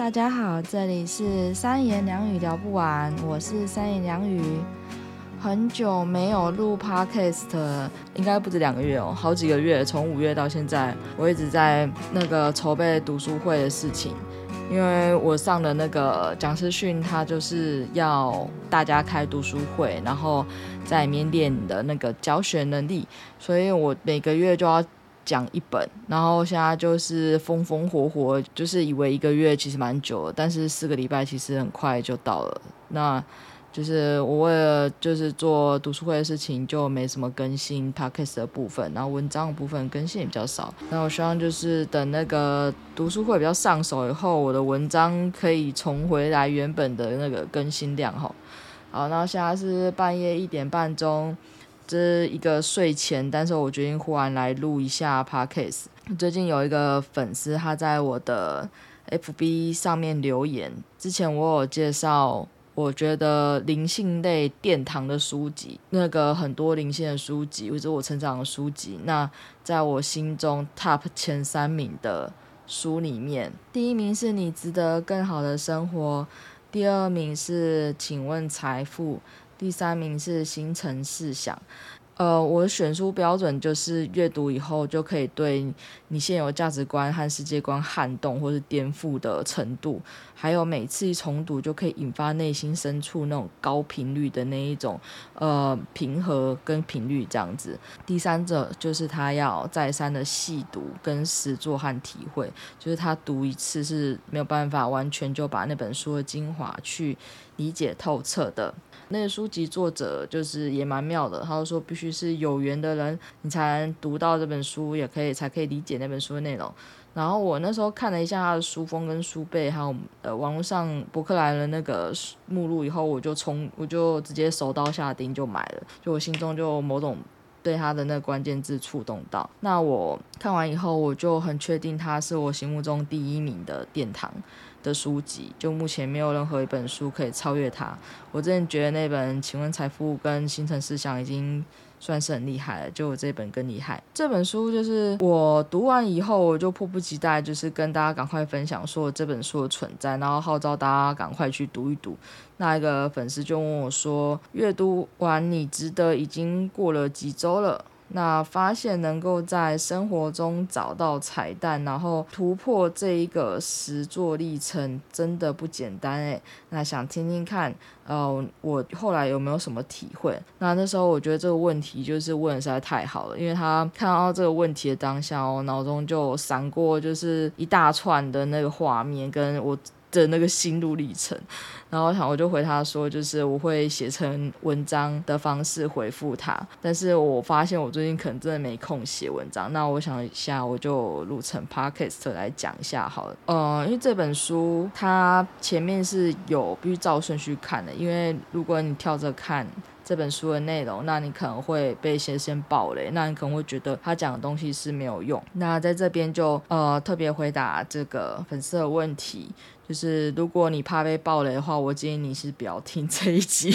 大家好，這裡是三妍良語聊不完，我是三妍良語。很久沒有錄 podcast，應該不止兩個月哦，好幾個月。從五月到現在，我一直在那個籌備讀書會的事情，因為我上的那個講師訓，他就是要大家開讀書會，然後在裡面練你的那個教學能力，所以我每個月就要講一本，然後現在就是風風火火，就是以為一個月其實蠻久的，但是四個禮拜其實很快就到了。那就是我為了就是做讀書會的事情，就沒什麼更新 podcast 的部分，然後文章的部分更新也比較少。那我希望就是等那個讀書會比較上手以後，我的文章可以重回來原本的那個更新量哈。好，那現在是半夜一點半鐘。這是一個睡前，但是我決定忽然來錄一下 podcast。最近有一個粉絲他在我的 FB 上面留言，之前我有介紹，我覺得靈性類殿堂的書籍，那個很多靈性的書籍，或者我成長的書籍，那在我心中 top 前三名的書裡面，第一名是你值得更好的生活，第二名是請問財富。第三名是形成思想。呃，我的選書標準就是閱讀以後就可以對你現有價值觀和世界觀撼動或是顛覆的程度。還有每次一重讀就可以引發內心深處那種高頻率的那一種呃、平和跟頻率這樣子。第三者就是他要再三的細讀跟實作，和體會，就是他讀一次是沒有辦法完全就把那本書的精華去理解透徹的。那個、書籍作者就是也蠻妙的，他就說必須是有緣的人，你才能讀到這本書，也可以才可以理解那本書的內容。然後我那時候看了一下他的書封跟書背，還有呃網絡上博客來的那個目錄以後，我就從我就直接手刀下訂就買了，就我心中就某種被他的那個關鍵字觸動到。那我看完以後，我就很確定他是我心目中第一名的殿堂的書籍，就目前沒有任何一本書可以超越他。我之前覺得那本《請問財富》跟《新陳思想》已經。算是很厲害了，就我這本更厲害。這本書就是我讀完以後，我就迫不及待，就是跟大家趕快分享，說這本書的存在，然後號召大家趕快去讀一讀。那一個粉絲就問我說：“閱讀完你值得，已經過了幾週了？”那發現能夠在生活中找到彩蛋，然後突破這一個實作歷程，真的不簡單哎、欸。那想聽聽看，呃，我後來有沒有什麼體會？那那時候我覺得這個問題就是問得實在太好了，因為他看到這個問題的當下，我腦中就閃過就是一大串的那個畫面，跟我。的那個心路歷程，然後想我就回他說，就是我會寫成文章的方式回復他，但是我發現我最近可能真的沒空寫文章，那我想一下，我就錄成 podcast 來講一下好了。呃，因為這本書它前面是有必須照順序看的，因為如果你跳着看這本書的內容，那你可能會被先先暴雷，那你可能會覺得他講的東西是沒有用。那在這邊就呃特別回答這個粉絲的問題，就是如果你怕被暴雷的話，我建議你是不要聽這一集。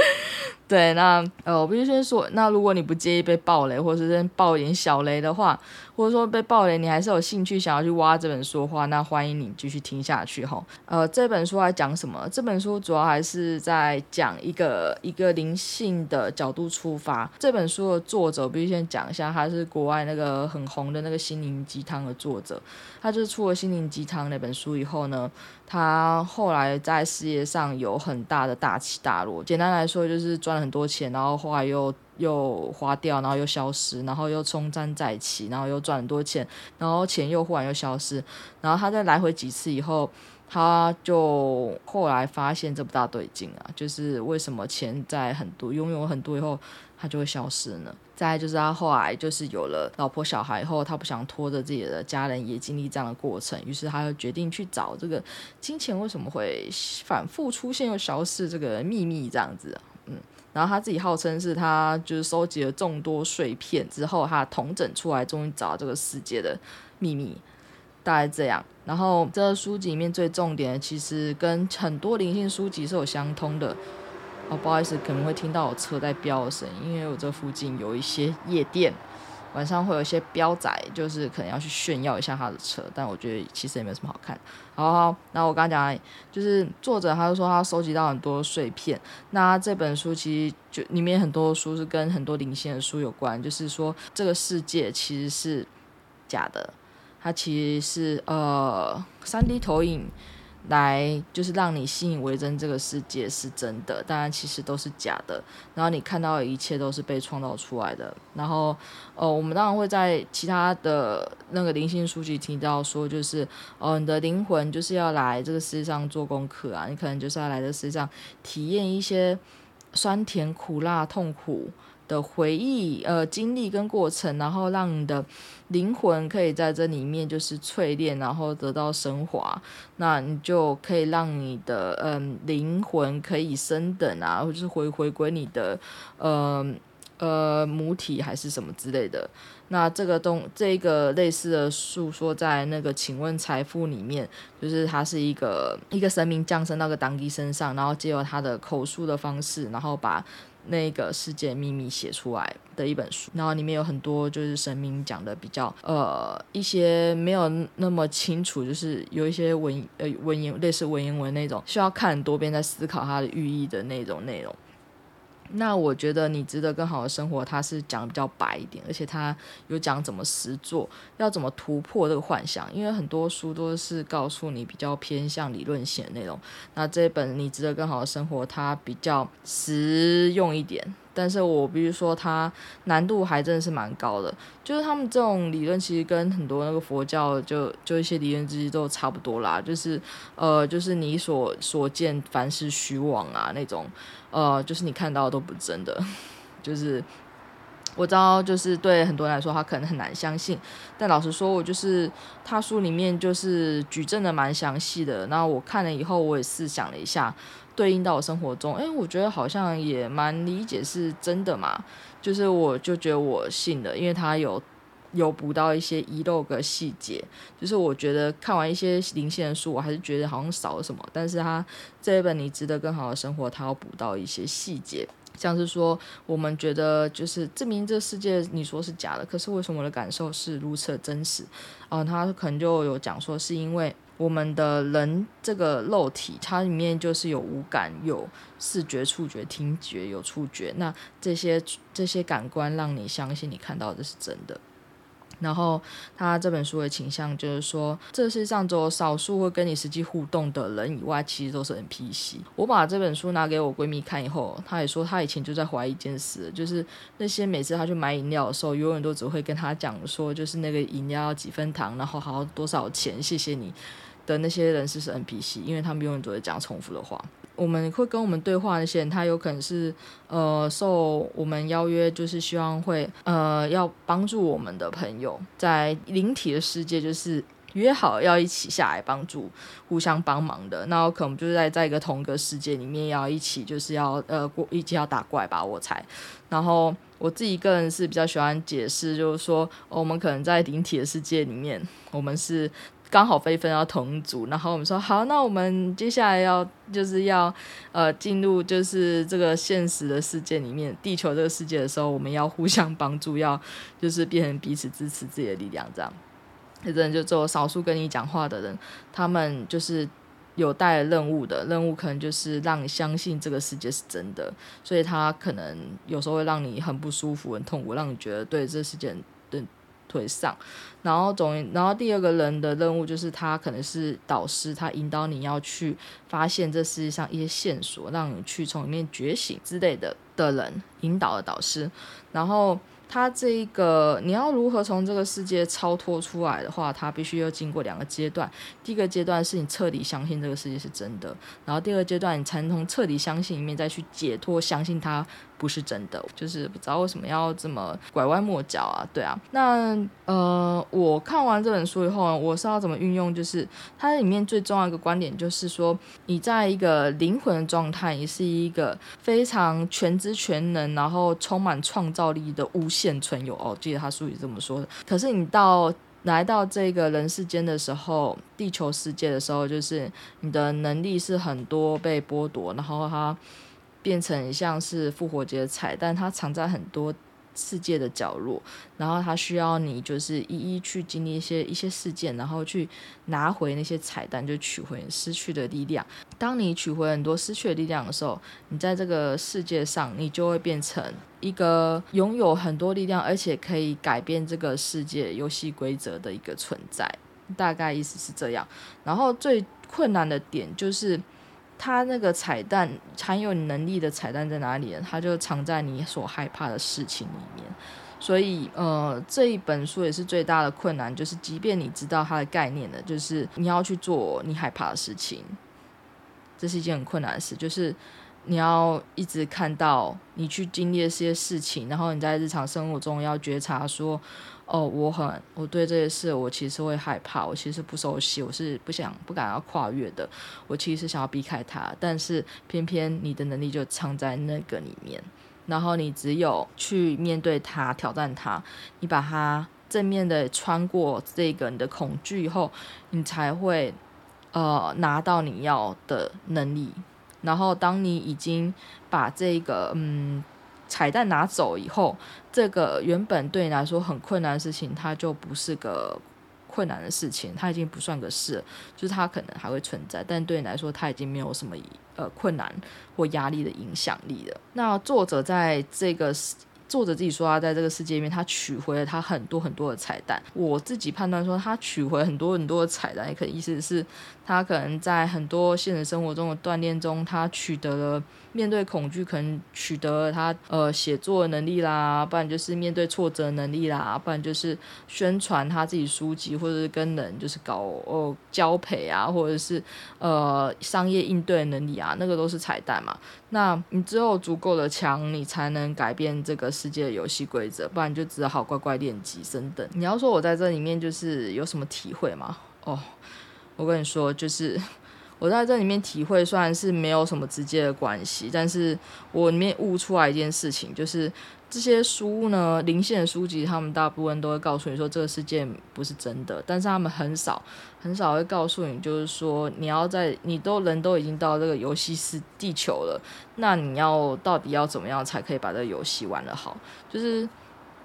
對，那呃，我必須先說，那如果你不介意被暴雷，或者是暴一點小雷的話。或者說被爆雷，你還是有興趣想要去挖這本書的話，那歡迎你繼續聽下去哈、哦。呃，這本書還講什麼？這本書主要還是在講一個一個靈性的角度出發。這本書的作者，我必須先講一下，他是國外那個很紅的那個心靈雞湯的作者。他就是出了《心靈雞湯》那本書以後呢，他後來在事業上有很大的大起大落。簡單來說，就是賺了很多錢，然後後來又。又花掉，然後又消失，然後又重振再起，然後又賺很多錢，然後錢又忽然又消失，然後他再來回幾次以後，他就後來發現這不大對勁啊，就是為什麼錢在很多擁有很多以後，他就會消失呢？再來就是他後來就是有了老婆小孩後，他不想拖着自己的家人也經歷這樣的過程，於是他就決定去找這個金錢為什麼會反覆出現又消失這個祕密這樣子。嗯，然後他自己號稱是他就是收集了眾多碎片之後，他統整出來，終於找到這個世界的秘密，大概這樣。然後這個書籍裡面最重點的，其實跟很多靈性書籍是有相通的。哦，不好意思，可能會聽到我車在飆聲，因為我這附近有一些夜店。晚上會有一些飆仔，就是可能要去炫耀一下他的車，但我覺得其實也沒有什麼好看。然後，那我剛才講，就是作者他就說他收集到很多碎片，那這本書其實就裡面很多書是跟很多靈性的書有關，就是說這個世界其實是假的，它其實是呃 3D 投影。來，就是讓你信以為真，這個世界是真的，當然其實都是假的。然後你看到的一切都是被創造出來的。然後，哦，我們當然會在其他的那個靈性書籍提到說，就是，哦，你的靈魂就是要來這個世界上做功課啊，你可能就是要來這世界上體驗一些酸甜苦辣、痛苦。的回憶、呃，經歷跟過程，然後讓你的靈魂可以在這裡面就是淬煉，然後得到升華，那你就可以讓你的嗯靈魂可以升等啊，或者是回回歸你的呃呃母體還是什麼之類的。那這個東這個類似的訴說在那個《請問財富》裡面，就是它是一個一個神明降生到個當乩身上，然後借由他的口述的方式，然後把。那個世界秘密寫出來的一本書，然後裡面有很多就是神明講的比較呃一些沒有那麼清楚，就是有一些文呃文言類似文言文那種，需要看很多遍再思考它的寓意的那種內容。那我覺得你值得更好的生活，它是講比較白一點，而且它有講怎麼實做，要怎麼突破這個幻想。因為很多書都是告訴你比較偏向理論性的內容，那這一本你值得更好的生活，它比較實用一點。但是我必須說，它難度還真的是蠻高的。就是他們這種理論，其實跟很多那個佛教就就一些理論之一都差不多啦。就是呃，就是你所所見，凡是虛妄啊那種。呃，就是你看到的都不真的。就是我知道，就是對很多人來說，他可能很難相信。但老實說，我就是他書裡面就是舉證的蠻詳細的。那我看了以後，我也試想了一下。對應到我生活中，誒，我覺得好像也蠻理解是真的嘛，就是我就覺得我信的，因為他有有補到一些遺漏的細節，就是我覺得看完一些靈性的書，我還是覺得好像少了什麼，但是他這一本你值得更好的生活，他要補到一些細節，像是說我們覺得就是證明這世界你說是假的，可是為什麼我的感受是如此的真實？啊、呃，他可能就有講說是因為。我們的人這個肉體，它裡面就是有五感，有視覺、觸覺、聽覺，有觸覺。那這些這些感官讓你相信你看到的是真的。然後他這本書的傾向就是說，這世上只有少數會跟你實際互動的人以外，其實都是 NPC。我把這本書拿給我閨蜜看以後，她也說她以前就在懷疑一件事，就是那些每次她去買飲料的時候，永遠都只會跟她講說，就是那個飲料要幾分糖，然後還要多少錢，謝謝你。的那些人是是 NPC，因為他們永遠都在講重複的話。我們會跟我們對話那些人，他有可能是呃受我們邀約，就是希望會呃要幫助我們的朋友在靈體的世界，就是約好要一起下來幫助，互相幫忙的。那可能就是在在一個同一個世界裡面要一起，就是要呃一起要打怪吧，我猜，然後我自己個人是比較喜歡解釋，就是說、哦、我們可能在靈體的世界裡面，我們是。剛好被分到同組，然後我們說好，那我們接下來要就是要呃進入就是這個現實的世界裡面，地球這個世界的時候，我們要互相幫助，要就是變成彼此支持自己的力量。這樣，這真的有的人就做少數跟你講話的人，他們就是有帶任務的，任務可能就是讓你相信這個世界是真的，所以他可能有時候會讓你很不舒服、很痛苦，讓你覺得對這世界腿上，然後總，然後第二個人的任務就是他可能是導師，他引導你要去發現這世界上一些線索，讓你去從裡面覺醒之類的的人，引導的導師，然後。他這一個，你要如何從這個世界超脫出來的話，他必須要經過兩個階段。第一個階段是你徹底相信這個世界是真的，然後第二階段你才能從徹底相信裡面再去解脫，相信它不是真的。就是不知道為什麼要這麼拐彎抹角啊，對啊。那呃，我看完這本書以後呢，我是要怎麼運用？就是它裡面最重要的一個觀點，就是說你在一個靈魂的狀態，也是一個非常全知全能，然後充滿創造力的無。現存有哦，記得他書裡這麼說的。可是你到來到這個人世間的時候，地球世界的時候，就是你的能力是很多被剝奪，然後它變成像是復活節彩蛋，但它藏在很多。世界的角落，然後他需要你就是一一去經歷一些一些事件，然後去拿回那些彩蛋，就取回失去的力量。當你取回很多失去的力量的時候，你在這個世界上，你就會變成一個擁有很多力量，而且可以改變這個世界遊戲規則的一個存在。大概意思是這樣。然後最困難的點就是。他那個彩蛋，含有能力的彩蛋在哪裡？他就藏在你所害怕的事情裡面。所以，呃，這一本書也是最大的困難，就是即便你知道它的概念的，就是你要去做你害怕的事情，這是一件很困難的事。就是你要一直看到你去經歷這些事情，然後你在日常生活中要覺察說。哦，我很，我對這些事，我其實會害怕，我其實不熟悉，我是不想、不敢要跨越的。我其實想要避開它，但是偏偏你的能力就藏在那個裡面，然後你只有去面對它、挑戰它，你把它正面的穿過這個你的恐懼以後，你才會呃拿到你要的能力。然後當你已經把這個嗯。彩蛋拿走以後，這個原本對你來說很困難的事情，它就不是個困難的事情，它已經不算個事了，就是它可能還會存在，但對你來說，它已經沒有什麼呃困難或壓力的影響力了。那作者在這個作者自己說他在這個世界裡面，他取回了他很多很多的彩蛋。我自己判斷說，他取回很多很多的彩蛋，也可能意思是。他可能在很多現實生活中的鍛鍊中，他取得了面對恐懼，可能取得了他呃寫作的能力啦，不然就是面對挫折的能力啦，不然就是宣傳他自己書籍或者是跟人就是搞哦、呃、交陪啊，或者是呃商業應對的能力啊，那個都是彩蛋嘛。那你只有足夠的強，你才能改變這個世界的遊戲規則，不然就只好乖乖練級升等。你要說我在這裡面就是有什麼體會嗎？哦、oh。我跟你說，就是我在這裡面體會，雖然是沒有什麼直接的關係，但是我裡面悟出來一件事情，就是這些書呢，靈性書籍，他們大部分都會告訴你說這個世界不是真的，但是他們很少很少會告訴你，就是說你要在你都人都已經到這個遊戲是地球了，那你要到底要怎麼樣才可以把這個遊戲玩得好，就是。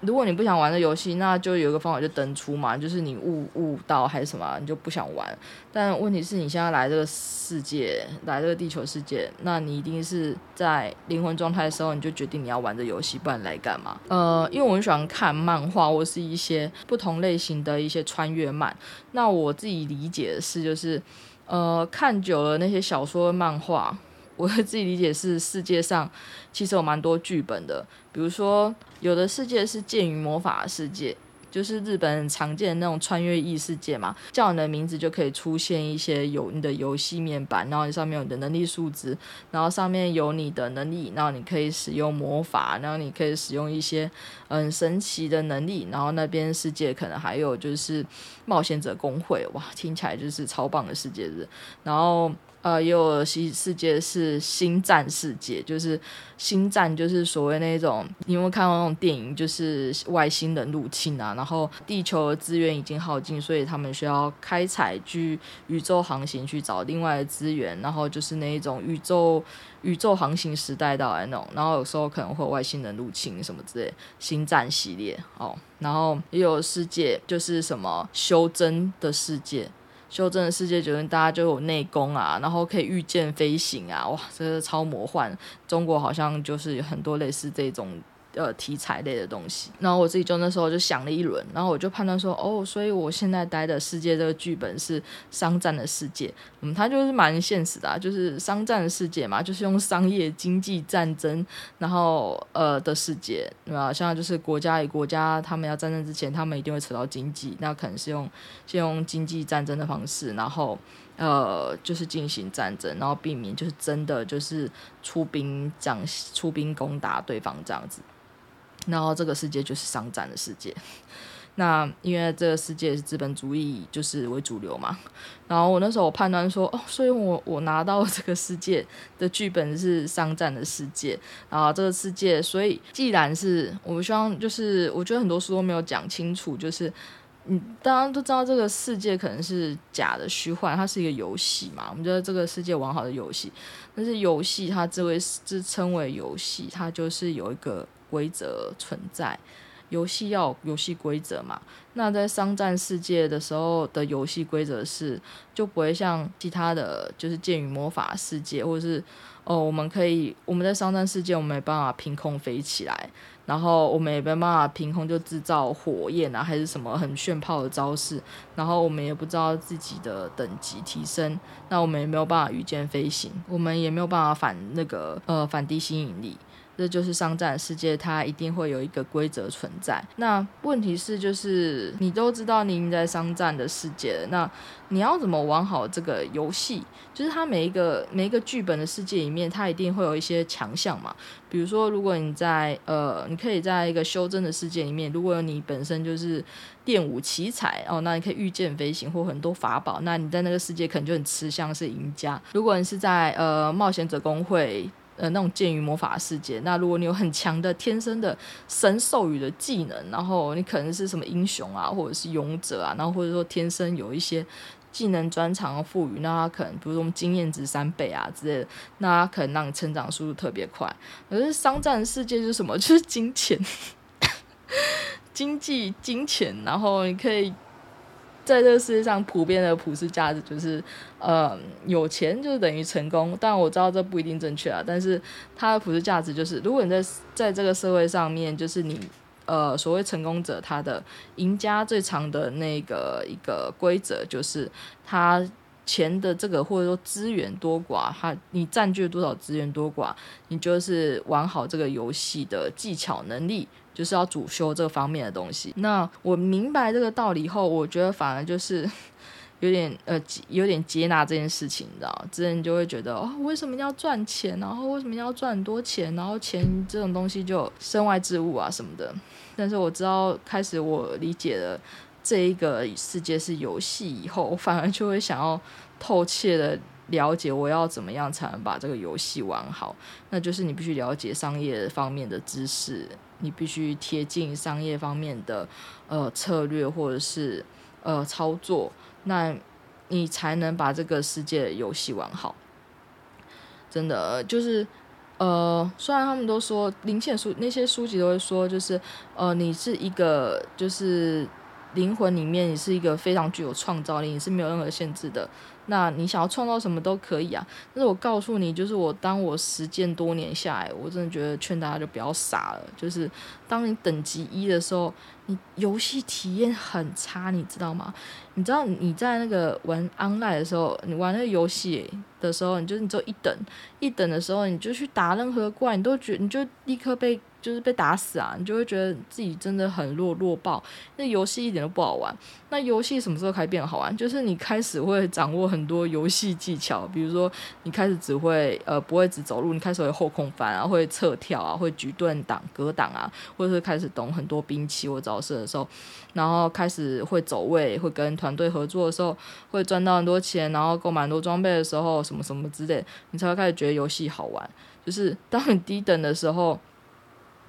如果你不想玩這遊戲，那就有一個方法，就登出嘛。就是你悟悟到還是什麼，你就不想玩。但問題是你現在來這個世界，來這個地球世界，那你一定是在靈魂狀態的時候，你就決定你要玩這遊戲，不然來幹嘛？呃，因為我很喜歡看漫畫，或是一些不同類型的一些穿越漫。那我自己理解的是，就是呃，看久了那些小說、漫畫。我自己理解是世界上其實有蠻多劇本的，比如說有的世界是劍與魔法的世界，就是日本常見的那種穿越異世界嘛，叫你的名字就可以出現一些有你的遊戲面板，然後你上面有你的能力數值，然後上面有你的能力，然後你可以使用魔法，然後你可以使用一些很神奇的能力，然後那邊世界可能還有就是冒險者公會，哇，聽起來就是超棒的世界日，然後。呃，也有新世界是《星戰》世界，就是《星戰》就是所謂那種，你有沒有看過那種電影，就是外星人入侵啊，然後地球的資源已經耗盡，所以他們需要開採去宇宙航行去找另外的資源，然後就是那一種宇宙宇宙航行時代到來那種，然後有時候可能會有外星人入侵什麼之類，《星戰》系列哦，然後也有世界就是什麼修真的世界。修真世界覺得大家就有內功啊，然後可以御劍飛行啊，哇，這個超魔幻！中國好像就是有很多類似這種。呃，題材類的東西，然後我自己就那時候就想了一輪，然後我就判斷說，哦，所以我現在待的世界這個劇本是商戰的世界，嗯，它就是蠻現實的啊，就是商戰的世界嘛，就是用商業、經濟戰爭，然後呃的世界，那麼像就是國家與國家他們要戰爭之前，他們一定會扯到經濟，那可能是用先用經濟戰爭的方式，然後呃，就是進行戰爭，然後避免就是真的就是出兵這樣出兵攻打對方這樣子。然後這個世界就是商戰的世界，那因為這個世界是資本主義就是為主流嘛。然後我那時候我判斷說，哦，所以我我拿到這個世界的劇本是商戰的世界，然後這個世界，所以既然是我們希望，就是我覺得很多書都沒有講清楚，就是你、嗯、大家都知道這個世界可能是假的、虛幻，它是一個遊戲嘛。我們覺得這個世界玩好的遊戲，但是遊戲它作為這稱為遊戲，它就是有一個。規則存在，遊戲要遊戲規則嘛？那在商戰世界的時候的遊戲規則是，就不會像其他的就是劍與魔法世界，或者是哦，我們可以我們在商戰世界，我們沒辦法憑空飛起來，然後我們也沒辦法憑空就制造火焰啊，還是什麼很炫炮的招式，然後我們也不知道自己的等級提升，那我們也沒有辦法御劍飛行，我們也沒有辦法反那個呃反地心引力。這就是商戰世界，它一定會有一個規則存在。那問題是，就是你都知道你已經在商戰的世界了，那你要怎麼玩好這個遊戲？就是它每一個每一個劇本的世界裡面，它一定會有一些強項嘛。比如說，如果你在呃，你可以在一個修真的世界裡面，如果你本身就是電舞奇才哦，那你可以御劍飛行或很多法寶，那你在那個世界可能就很吃香，是贏家。如果你是在呃冒險者公會，呃，那種劍與魔法世界，那如果你有很強的天生的神授予的技能，然後你可能是什麼英雄啊，或者是勇者啊，然後或者說天生有一些技能專長賦予，那他可能比如說經驗值三倍啊之類的，那他可能讓你成長速度特別快。可是商戰世界是什麼？就是金錢、 經濟、金錢，然後你可以。在這個世界上，普遍的普世價值就是，呃，有錢就等於成功。但我知道這不一定正確啊。但是它的普世價值就是，如果你在在這個社會上面，就是你呃所謂成功者，他的贏家最長的那個一個規則就是，他錢的這個或者說資源多寡，他你占據多少資源多寡，你就是玩好這個遊戲的技巧能力。就是要主修這方面的東西。那我明白這個道理以後，我覺得反而就是有點呃，有點接納這件事情你知道的。之前就會覺得哦，為什麼要賺錢？然後為什麼要賺很多錢？然後錢這種東西就身外之物啊什麼的。但是我知道，開始我理解了這一個世界是遊戲以後，我反而就會想要透徹的了解我要怎麼樣才能把這個遊戲玩好。那就是你必須了解商業方面的知識。你必須貼近商業方面的，呃，策略或者是呃，操作，那你才能把這個世界的遊戲玩好。真的就是，呃，雖然他們都說靈性書那些書籍都會說，就是呃，你是一個就是靈魂裡面，你是一個非常具有創造力，你是沒有任何限制的。那你想要創造什麼都可以啊，但是我告訴你，就是我當我實踐多年下來，我真的覺得勸大家就不要傻了。就是當你等級一的時候，你遊戲體驗很差，你知道嗎？你知道你在那個玩 online 的時候，你玩那個遊戲的時候，你就你就一等一等的時候，你就去打任何怪，你都覺得你就立刻被。就是被打死啊，你就會覺得自己真的很弱弱爆。那遊戲一點都不好玩，那遊戲什麼時候開始變好玩？就是你開始會掌握很多遊戲技巧，比如說你開始只會呃不會只走路，你開始會後空翻啊，會側跳啊，會舉盾擋格擋啊，或者是開始懂很多兵器或招式的時候，然後開始會走位，會跟團隊合作的時候，會賺到很多錢，然後購買很多裝備的時候，什麼什麼之類的，你才會開始覺得遊戲好玩。就是當你低等的時候。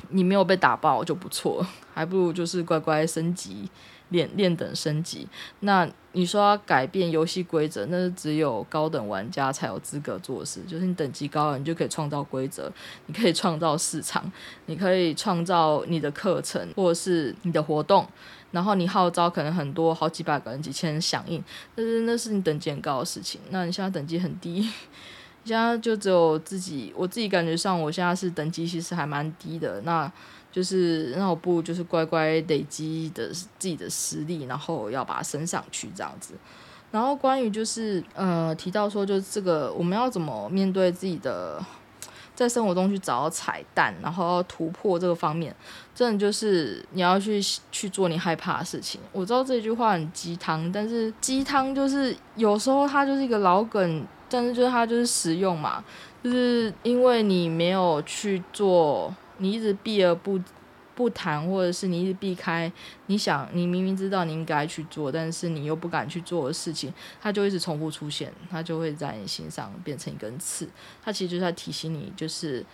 你沒有被打爆就不錯，還不如就是乖乖升級，練練等升級。那你說要改變遊戲規則，那是只有高等玩家才有資格做事。就是你等級高了，你就可以創造規則，你可以創造市場，你可以創造你的課程或者是你的活動，然後你號召可能很多好幾百個人、幾千人響應。但是那是你等級很高的事情。那你現在等級很低。現在就只有自己，我自己感覺上，我現在是等級其實還蠻低的。那就是那我不如就是乖乖累積的自己的實力，然後要把它升上去這樣子。然後關於就是呃提到說，就是這個我們要怎麼面對自己的，在生活中去找彩蛋，然後要突破這個方面，真的就是你要去去做你害怕的事情。我知道這句話很雞湯，但是雞湯就是有時候它就是一個老梗。但是就是它就是實用嘛，就是因為你沒有去做，你一直避而不不談，或者是你一直避開，你想你明明知道你應該去做，但是你又不敢去做的事情，它就一直重複出現，它就會在你心上變成一根刺。它其實就是在提醒你，就是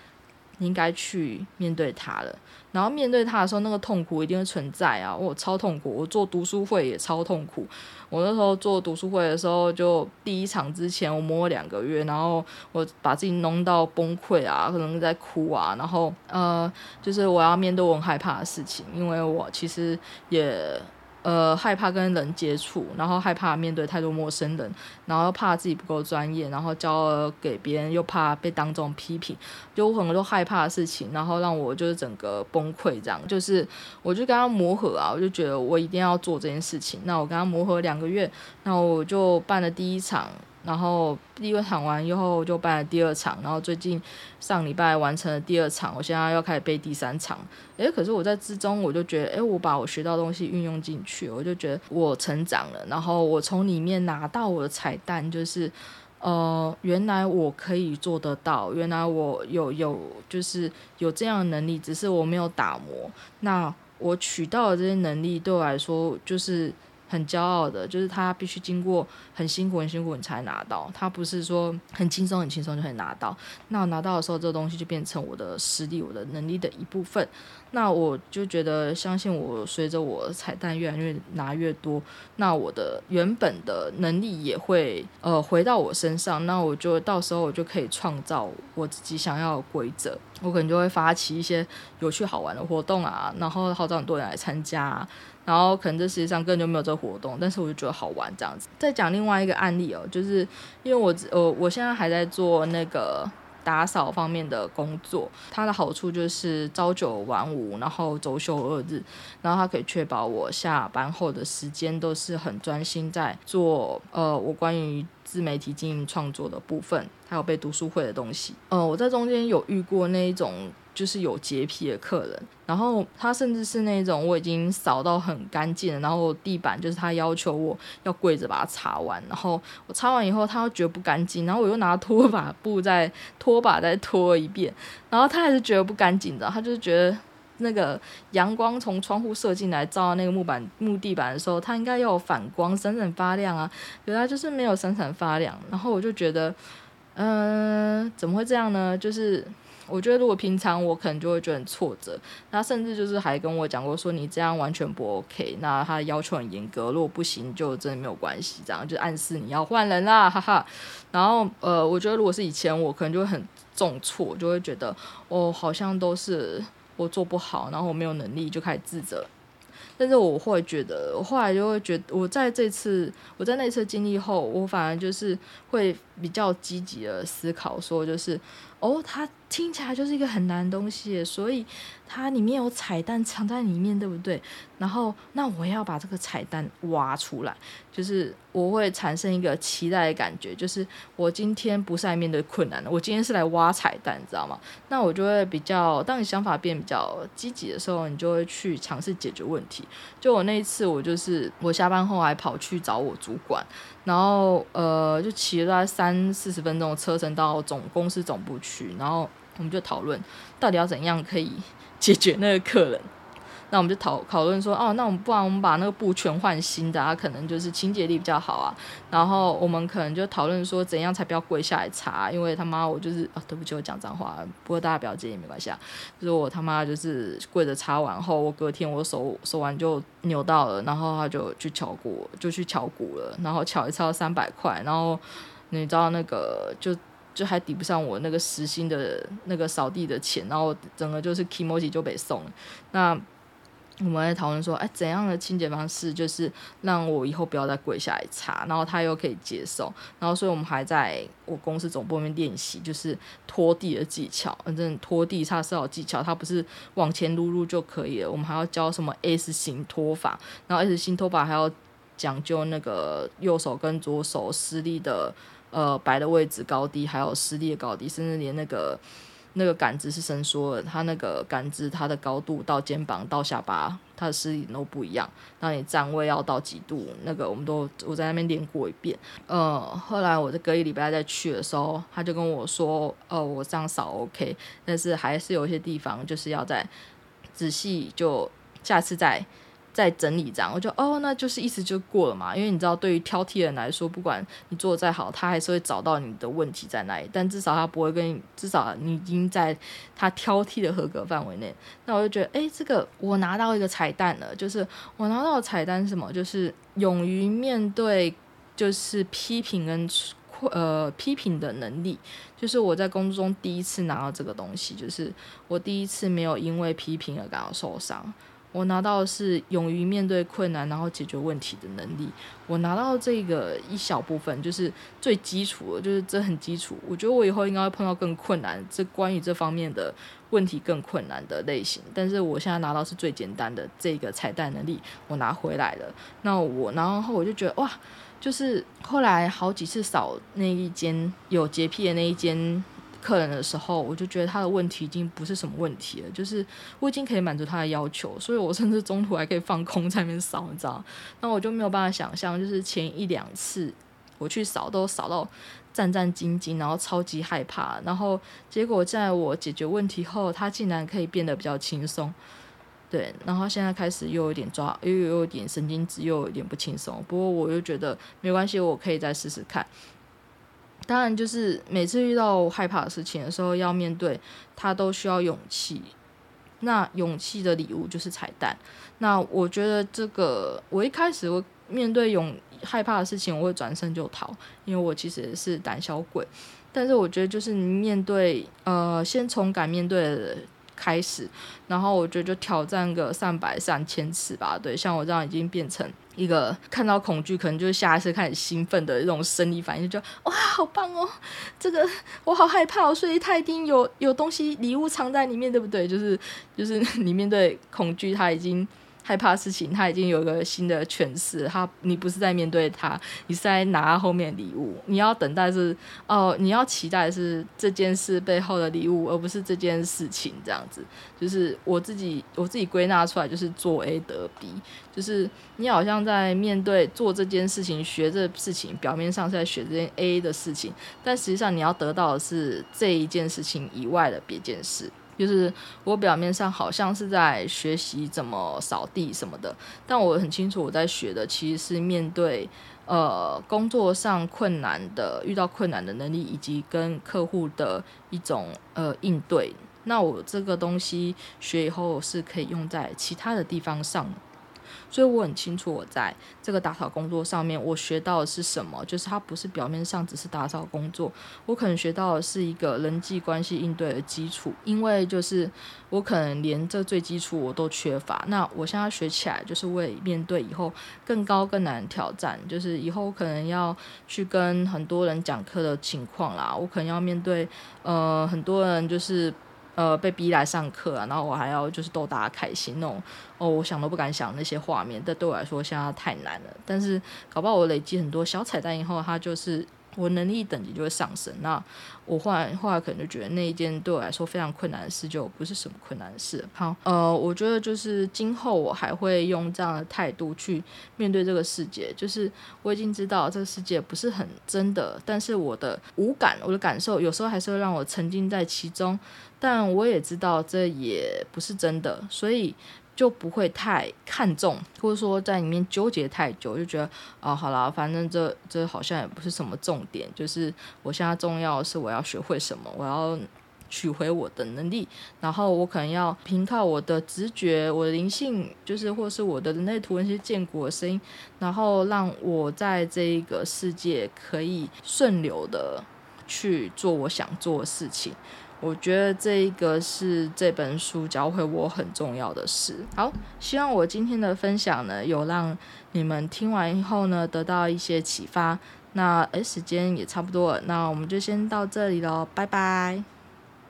你應該去面對它了。然後面對它的時候，那個痛苦一定會存在啊！我超痛苦，我做讀書會也超痛苦。我那時候做讀書會的時候，就第一場之前，我摸了兩個月，然後我把自己弄到崩潰啊，可能在哭啊，然後呃，就是我要面對我很害怕的事情，因為我其實也。呃，害怕跟人接觸，然後害怕面對太多陌生人，然後怕自己不夠專業，然後教給別人又怕被當眾批評，就很多都害怕的事情，然後讓我就是整個崩潰這樣。就是我就跟他磨合啊，我就覺得我一定要做這件事情。那我跟他磨合兩個月，那我就辦了第一場。然後第一場完以後就辦了第二場，然後最近上禮拜完成了第二場，我現在要開始背第三場。哎，可是我在之中，我就覺得，哎，我把我學到的東西運用進去，我就覺得我成長了。然後我從裡面拿到我的彩蛋，就是，呃，原來我可以做得到，原來我有有就是有這樣的能力，只是我沒有打磨。那我取到的這些能力對我來說，就是。很驕傲的，就是他必須經過很辛苦、很辛苦，你才拿到。他不是說很輕鬆、很輕鬆就可以拿到。那我拿到的時候，這個東西就變成我的實力、我的能力的一部分。那我就覺得，相信我，隨着我彩蛋越來越拿越多，那我的原本的能力也會呃回到我身上。那我就到時候我就可以創造我自己想要的規則。我可能就會發起一些有趣好玩的活動啊，然後號召很多人來參加啊。然後可能這世界上根本就沒有這活動，但是我就覺得好玩這樣子。再講另外一個案例哦，就是因為我呃，我現在還在做那個打掃方面的工作，它的好處就是朝九晚五，然後周休二日，然後它可以確保我下班後的時間都是很專心在做呃我關於。自媒體經營創作的部分，還有被讀書會的東西。呃、哦，我在中間有遇過那一種，就是有潔癖的客人，然後他甚至是那一種我已經掃到很乾淨的然後地板就是他要求我要跪着把它擦完，然後我擦完以後他又覺得不乾淨，然後我又拿拖把布再拖把再拖一遍，然後他還是覺得不乾淨的，他就是覺得。那個陽光從窗戶射進來，照到那個木板木地板的時候，它應該要有反光，閃閃發亮啊。原來就是沒有閃閃發亮，然後我就覺得，嗯、呃，怎麼會這樣呢？就是我覺得如果平常我可能就會覺得很挫折，他甚至就是還跟我講過說，你這樣完全不 OK，那他要求很嚴格，如果不行就真的沒有關係，這樣就暗示你要換人啦，哈哈。然後呃，我覺得如果是以前我可能就會很重挫，就會覺得哦，好像都是。我做不好，然後我沒有能力，就開始自責。但是我會覺得，我後來就會覺得，我在這次，我在那次經歷後，我反而就是。會比較積極的思考，說就是哦，它聽起來就是一個很難的東西，所以它裡面有彩蛋藏在裡面，對不對？然後那我要把這個彩蛋挖出來，就是我會產生一個期待的感覺，就是我今天不是來面對困難的，我今天是來挖彩蛋，你知道嗎？那我就會比較，當你想法變比較積極的時候，你就會去嘗試解決問題。就我那一次，我就是我下班後還跑去找我主管。然後，呃，就騎了大概三四十分鐘的車程到總公司總部去，然後我們就討論到底要怎樣可以解決那個客人。那我們就討討論說，哦，那我們不然我們把那個布全換新的啊，可能就是清潔力比較好啊。然後我們可能就討論說，怎樣才不要跪下來擦？因為他媽我就是啊、哦，對不起，我講髒話，不過大家不要介意，沒關係啊。就是我他媽就是跪着擦完後，我隔天我手手完就扭到了，然後他就去敲鼓，就去敲鼓了，然後敲一次要三百塊，然後你知道那個就就還抵不上我那個時薪的那個掃地的錢，然後整個就是 kimochi 就被送了，那。我們在討論說，哎、欸，怎樣的清潔方式就是讓我以後不要再跪下來擦，然後他又可以接受，然後所以我們還在我公司總部裡面邊練習，就是拖地的技巧。反、嗯、正拖地擦是要技巧，它不是往前擼擼就可以了。我們還要教什麼 S 型拖法，然後 S 型拖法還要講究那個右手跟左手施力的呃擺的位置高低，還有施力的高低，甚至連那個。那個桿子是伸縮的，它那個桿子它的高度到肩膀到下巴，它的身影都不一樣。那你站位要到幾度？那個我們都我在那邊練過一遍。呃、嗯，後來我隔一禮拜再去的時候，他就跟我說，呃、哦，我這樣掃 OK，但是還是有一些地方就是要再仔細，就下次再在整理這樣，我就哦，那就是意思就過了嘛。因為你知道，對於挑剔的人來說，不管你做的再好，他還是會找到你的問題在哪裡。但至少他不會跟你，至少你已經在他挑剔的合格範圍內。那我就覺得，哎、欸，這個我拿到一個彩蛋了。就是我拿到的彩蛋是什麼，就是勇於面對就是批評跟呃批評的能力，就是我在工作中第一次拿到這個東西，就是我第一次沒有因為批評而感到受傷。我拿到的是勇於面對困難，然後解決問題的能力。我拿到這個一小部分，就是最基礎的，就是這很基礎。我覺得我以後應該會碰到更困難，這關於這方面的問題更困難的類型。但是我現在拿到是最簡單的這個彩蛋能力，我拿回來了。那我，然後我就覺得哇，就是後來好幾次掃那一間有潔癖的那一間。客人的時候，我就覺得他的問題已經不是什麼問題了，就是我已經可以滿足他的要求，所以我甚至中途還可以放空在那邊掃，你知道？那我就沒有辦法想象，就是前一兩次我去掃都掃到戰戰兢兢，然後超級害怕，然後結果在我解決問題後，他竟然可以變得比較輕鬆，對，然後現在開始又有點抓，又有點神經質，又有點不輕鬆，不過我又覺得沒關係，我可以再試試看。當然，就是每次遇到害怕的事情的時候，要面對他都需要勇氣。那勇氣的禮物就是彩蛋。那我覺得這個，我一開始我面對勇害怕的事情，我會轉身就逃，因為我其實是膽小鬼。但是我覺得，就是你面對呃，先從敢面對的開始，然後我覺得就挑戰個上百、上千次吧。對，像我這樣已經變成一個看到恐懼，可能就是下一次開始興奮的一種生理反應，就哇，好棒哦！這個我好害怕，哦，所以它一定有有東西禮物藏在裡面，對不對？就是就是你面對恐懼，他已經。害怕事情，他已經有一個新的詮釋。他，你不是在面對他，你是在拿後面的禮物。你要等待是哦，你要期待是這件事背後的禮物，而不是這件事情，這樣子。就是我自己，我自己歸納出來就是做 A 得 B，就是你好像在面對做這件事情、學這事情，表面上是在學這件 A 的事情，但實際上你要得到的是這一件事情以外的別件事。就是我表面上好像是在學習怎麼掃地什麼的，但我很清楚我在學的其實是面對呃工作上困難的、遇到困難的能力，以及跟客戶的一種呃應對。那我這個東西學以後是可以用在其他的地方上的。所以我很清楚，我在這個打掃工作上面，我學到的是什麼？就是它不是表面上只是打掃工作，我可能學到的是一個人際關係應對的基礎。因為就是我可能連這最基礎我都缺乏，那我現在學起來，就是為了面對以後更高、更難的挑戰。就是以後可能要去跟很多人講課的情況啦，我可能要面對呃很多人就是。呃，被逼來上課啊，然後我還要就是逗大家開心那種，哦，我想都不敢想那些畫面，這對我來說現在太難了。但是，搞不好我累積很多小彩蛋以後，它就是。我能力等級就會上升，那我後來後來可能就覺得那一件對我來說非常困難的事就不是什麼困難的事。好，呃，我覺得就是今後我還會用這樣的態度去面對這個世界，就是我已經知道這個世界不是很真的，但是我的五感，我的感受有時候還是會讓我沉浸在其中，但我也知道這也不是真的，所以。就不會太看重，或者說在裡面糾結太久，就覺得啊、哦，好啦，反正這這好像也不是什麼重點。就是我現在重要的是我要學會什麼，我要取回我的能力，然後我可能要憑靠我的直覺、我的靈性，就是或是我的人類圖紋些建國的聲音，然後讓我在這一個世界可以順流的去做我想做的事情。我覺得這一個是這本書教會我很重要的事。好，希望我今天的分享呢，有讓你們聽完以後呢，得到一些啟發。那誒，時間也差不多了，那我們就先到這裡嘍，拜拜。